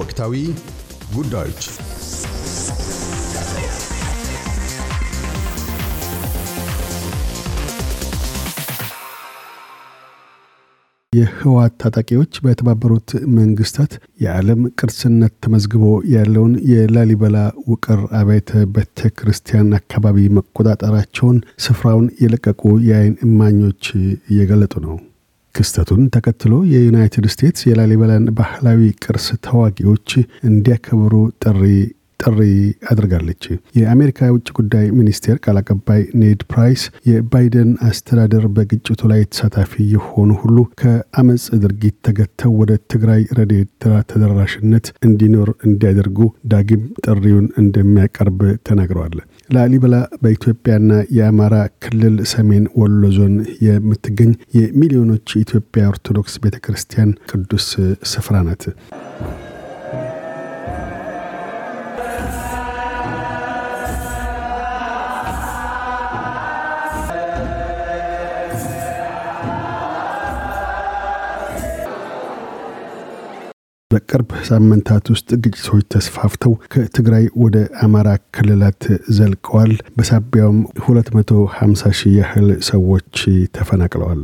ወቅታዊ ጉዳዮች የህወሓት ታጣቂዎች በተባበሩት መንግስታት የዓለም ቅርስነት ተመዝግቦ ያለውን የላሊበላ ውቅር አብያተ ቤተ ክርስቲያን አካባቢ መቆጣጠራቸውን ስፍራውን የለቀቁ የአይን እማኞች እየገለጡ ነው። ክስተቱን ተከትሎ የዩናይትድ ስቴትስ የላሊበላን ባህላዊ ቅርስ ተዋጊዎች እንዲያከብሩ ጥሪ ጥሪ አድርጋለች። የአሜሪካ የውጭ ጉዳይ ሚኒስቴር ቃል አቀባይ ኔድ ፕራይስ የባይደን አስተዳደር በግጭቱ ላይ ተሳታፊ የሆኑ ሁሉ ከአመፅ ድርጊት ተገተው ወደ ትግራይ ረድኤት ተደራሽነት እንዲኖር እንዲያደርጉ ዳግም ጥሪውን እንደሚያቀርብ ተናግረዋል። ላሊበላ በኢትዮጵያና የአማራ ክልል ሰሜን ወሎ ዞን የምትገኝ የሚሊዮኖች የኢትዮጵያ ኦርቶዶክስ ቤተ ክርስቲያን ቅዱስ ስፍራ ናት። በቅርብ ሳምንታት ውስጥ ግጭቶች ተስፋፍተው ከትግራይ ወደ አማራ ክልላት ዘልቀዋል። በሳቢያውም 250 ሺህ ያህል ሰዎች ተፈናቅለዋል።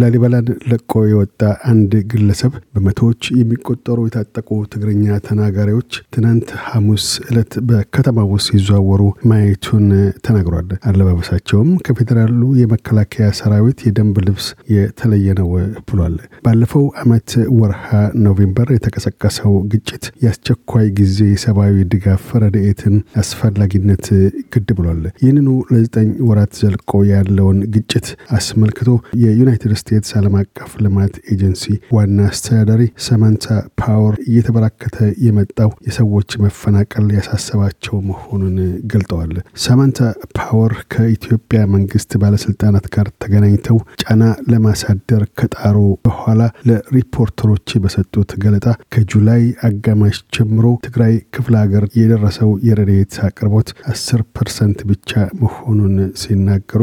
ላሊበላን ለቆ የወጣ አንድ ግለሰብ በመቶዎች የሚቆጠሩ የታጠቁ ትግርኛ ተናጋሪዎች ትናንት ሐሙስ ዕለት በከተማ ውስጥ ሲዘዋወሩ ማየቱን ተናግሯል። አለባበሳቸውም ከፌዴራሉ የመከላከያ ሰራዊት የደንብ ልብስ የተለየ ነው ብሏል። ባለፈው ዓመት ወርሃ ኖቬምበር የተቀሰቀሰው ግጭት የአስቸኳይ ጊዜ የሰብአዊ ድጋፍ ረድኤትን አስፈላጊነት ግድ ብሏል። ይህንኑ ለዘጠኝ ወራት ዘልቆ ያለውን ግጭት አስመልክቶ የዩናይትድ ስቴትስ ዓለም አቀፍ ልማት ኤጀንሲ ዋና አስተዳዳሪ ሰመንታ ፓወር እየተበራከተ የመጣው የሰዎች መፈናቀል ያሳሰባቸው መሆኑን ገልጠዋል። ሰመንታ ፓወር ከኢትዮጵያ መንግስት ባለስልጣናት ጋር ተገናኝተው ጫና ለማሳደር ከጣሩ በኋላ ለሪፖርተሮች በሰጡት ገለጣ ከጁላይ አጋማሽ ጀምሮ ትግራይ ክፍለ ሀገር የደረሰው የረዴት አቅርቦት አስር ፐርሰንት ብቻ መሆኑን ሲናገሩ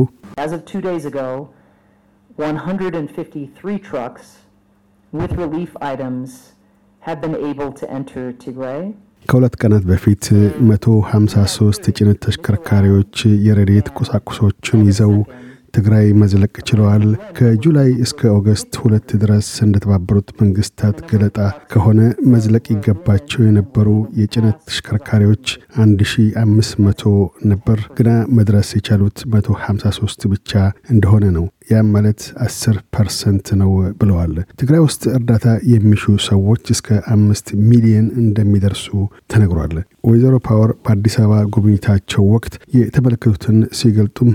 153 trucks with relief items have been able to enter Tigray. ከሁለት ቀናት በፊት 153 ተሽከርካሪዎች ቁሳቁሶችን ይዘው ትግራይ መዝለቅ ችለዋል። ከጁላይ እስከ ኦገስት ሁለት ድረስ እንደተባበሩት መንግስታት ገለጣ ከሆነ መዝለቅ ይገባቸው የነበሩ የጭነት ተሽከርካሪዎች 1500 ነበር፣ ግና መድረስ የቻሉት 153 ብቻ እንደሆነ ነው። ያም ማለት 10 ፐርሰንት ነው ብለዋል። ትግራይ ውስጥ እርዳታ የሚሹ ሰዎች እስከ አምስት ሚሊየን እንደሚደርሱ ተነግሯል። ወይዘሮ ፓወር በአዲስ አበባ ጉብኝታቸው ወቅት የተመለከቱትን ሲገልጡም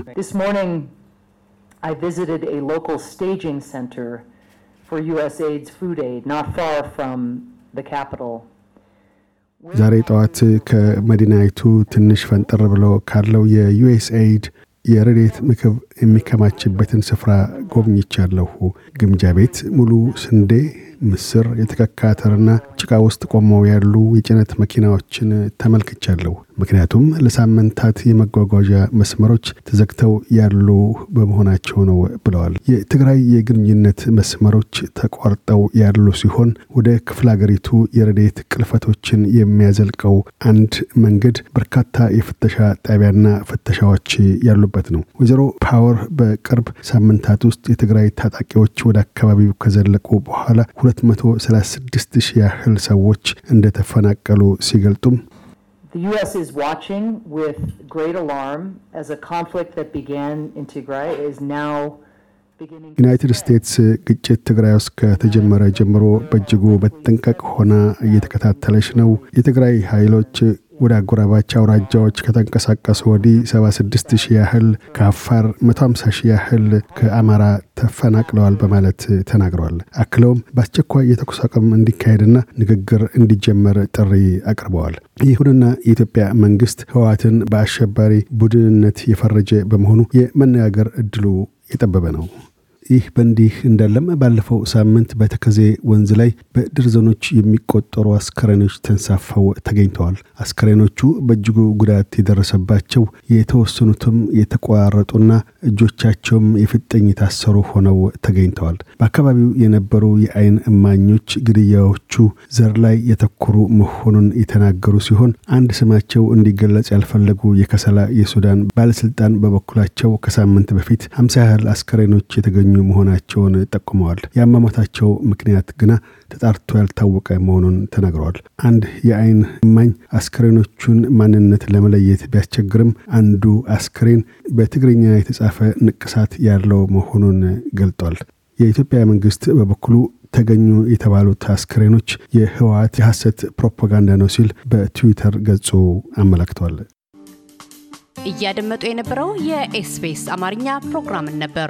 I visited a local staging center for USAID's food aid not far from the capital. ዛሬ ጠዋት ከመዲናይቱ ትንሽ ፈንጠር ብሎ ካለው የዩኤስኤድ የረዴት ምግብ የሚከማችበትን ስፍራ ጎብኝቻለሁ። ግምጃ ቤት ሙሉ ስንዴ ምስር፣ የተከካ አተርና ጭቃ ውስጥ ቆመው ያሉ የጭነት መኪናዎችን ተመልክቻለሁ። ምክንያቱም ለሳምንታት የመጓጓዣ መስመሮች ተዘግተው ያሉ በመሆናቸው ነው ብለዋል። የትግራይ የግንኙነት መስመሮች ተቋርጠው ያሉ ሲሆን ወደ ክፍለ ሀገሪቱ የረዴት ቅልፈቶችን የሚያዘልቀው አንድ መንገድ በርካታ የፍተሻ ጣቢያና ፍተሻዎች ያሉበት ነው። ወይዘሮ ፓወር በቅርብ ሳምንታት ውስጥ የትግራይ ታጣቂዎች ወደ አካባቢው ከዘለቁ በኋላ 236 ሺህ ያህል ሰዎች እንደተፈናቀሉ ሲገልጡም The U.S. is watching with great alarm as a conflict that began in Tigray is now ዩናይትድ ስቴትስ ግጭት ትግራይ ውስጥ ከተጀመረ ጀምሮ በእጅጉ በጥንቀቅ ሆና እየተከታተለች ነው። የትግራይ ኃይሎች ወደ አጎራባች አውራጃዎች ከተንቀሳቀሱ ወዲህ 76 ሺህ ያህል ከአፋር 150 ሺህ ያህል ከአማራ ተፈናቅለዋል በማለት ተናግረዋል። አክለውም በአስቸኳይ የተኩስ አቅም እንዲካሄድና ንግግር እንዲጀመር ጥሪ አቅርበዋል። ይሁንና የኢትዮጵያ መንግስት ህወሓትን በአሸባሪ ቡድንነት የፈረጀ በመሆኑ የመነጋገር እድሉ የጠበበ ነው። ይህ በእንዲህ እንዳለም ባለፈው ሳምንት በተከዜ ወንዝ ላይ በድርዘኖች የሚቆጠሩ አስከሬኖች ተንሳፈው ተገኝተዋል። አስከሬኖቹ በእጅጉ ጉዳት የደረሰባቸው የተወሰኑትም የተቋረጡና እጆቻቸውም የፍጥኝ የታሰሩ ሆነው ተገኝተዋል። በአካባቢው የነበሩ የአይን እማኞች ግድያዎቹ ዘር ላይ ያተኮሩ መሆኑን የተናገሩ ሲሆን አንድ ስማቸው እንዲገለጽ ያልፈለጉ የከሰላ የሱዳን ባለስልጣን በበኩላቸው ከሳምንት በፊት ሀምሳ ያህል አስከሬኖች የተገኙ የተገኙ መሆናቸውን ጠቁመዋል። የአሟሟታቸው ምክንያት ግና ተጣርቶ ያልታወቀ መሆኑን ተናግረዋል። አንድ የአይን እማኝ አስክሬኖቹን ማንነት ለመለየት ቢያስቸግርም አንዱ አስክሬን በትግርኛ የተጻፈ ንቅሳት ያለው መሆኑን ገልጧል። የኢትዮጵያ መንግስት በበኩሉ ተገኙ የተባሉት አስክሬኖች የህወሓት የሐሰት ፕሮፓጋንዳ ነው ሲል በትዊተር ገጹ አመላክቷል። እያደመጡ የነበረው የኤስቢኤስ አማርኛ ፕሮግራምን ነበር።